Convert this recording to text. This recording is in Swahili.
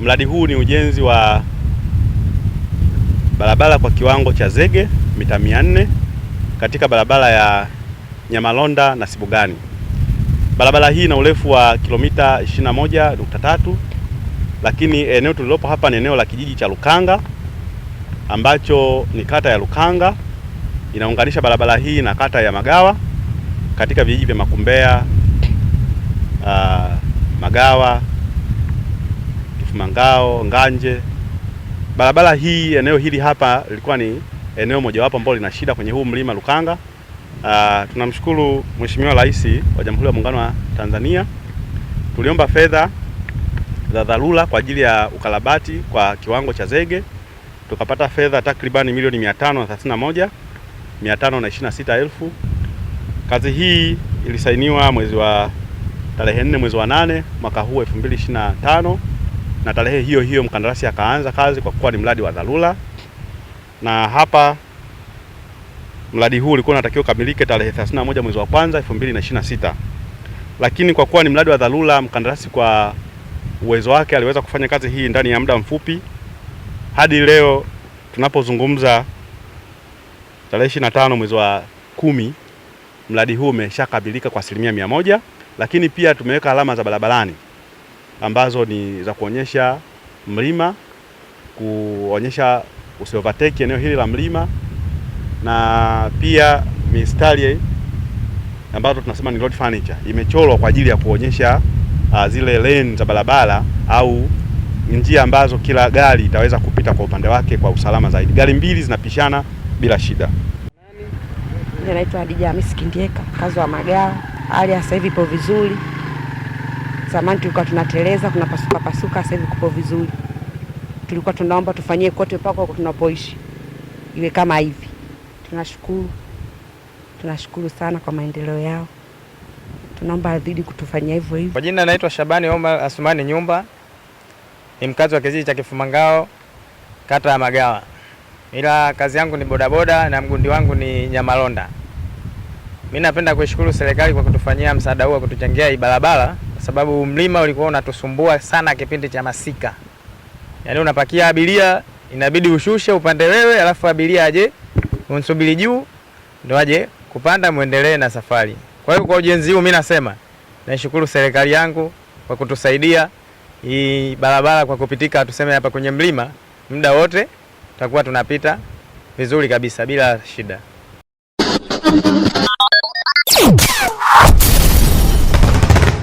Mradi huu ni ujenzi wa barabara kwa kiwango cha zege mita 400 katika barabara ya Nyamalonda na Sibugani. Barabara hii ina urefu wa kilomita 21.3, lakini eneo tulilopo hapa ni eneo la kijiji cha Lukanga ambacho ni kata ya Lukanga inaunganisha barabara hii na kata ya Magawa katika vijiji vya Makumbea, uh, Magawa Mangao, Nganje. Barabara hii eneo hili hapa lilikuwa ni eneo mojawapo ambalo lina shida kwenye huu mlima Lukanga. Uh, tunamshukuru Mheshimiwa Rais wa Jamhuri ya Muungano wa Tanzania. Tuliomba fedha za dharura kwa ajili ya ukarabati kwa kiwango cha zege tukapata fedha takribani milioni 531 526 elfu. Kazi hii ilisainiwa mwezi wa tarehe 4 mwezi wa 8 mwaka huu 2025 na tarehe hiyo hiyo mkandarasi akaanza kazi, kwa kuwa ni mradi wa dharura. Na hapa mradi huu ulikuwa unatakiwa ukamilike tarehe 31 mwezi wa kwanza 2026, lakini kwa kuwa ni mradi wa dharura, mkandarasi kwa uwezo wake aliweza kufanya kazi hii ndani ya muda mfupi. Hadi leo tunapozungumza, tarehe 25 mwezi wa kumi, mradi huu umeshakabilika kwa asilimia mia moja, lakini pia tumeweka alama za barabarani ambazo ni za kuonyesha mlima, kuonyesha usiovateki eneo hili la mlima, na pia mistari ambazo tunasema ni road furniture imechorwa kwa ajili ya kuonyesha uh, zile lane za barabara au njia ambazo kila gari itaweza kupita kwa upande wake kwa usalama zaidi. Gari mbili zinapishana bila shida. Naitwa Hadija Hamisi Kindieka, mkazi wa Magao. Hali ya sasa hivi ipo vizuri. Zamani tulikuwa tunateleza, kuna pasuka pasuka, sasa hivi kupo vizuri. Tulikuwa tunaomba tufanyie kote pako tunapoishi iwe kama hivi. Tunashukuru, tunashukuru sana kwa maendeleo yao, tunaomba azidi kutufanyia hivyo hivyo. Kwa jina naitwa Shabani Omar Asumani Nyumba, ni mkazi wa kijiji cha Kifumangao, kata ya Magawa, ila kazi yangu ni bodaboda na mgundi wangu ni nyamalonda. Mimi napenda kuishukuru serikali kwa kutufanyia msaada huu wa kutuchangia hii barabara kwa sababu mlima ulikuwa unatusumbua sana kipindi cha masika. Yaani unapakia abiria inabidi ushushe upande wewe, alafu abiria aje unsubiri juu ndo aje kupanda muendelee na safari. Kwa hiyo kwa ujenzi huu mimi nasema naishukuru serikali yangu kwa kutusaidia hii barabara kwa kupitika, tuseme hapa kwenye mlima muda wote tutakuwa tunapita vizuri kabisa bila shida.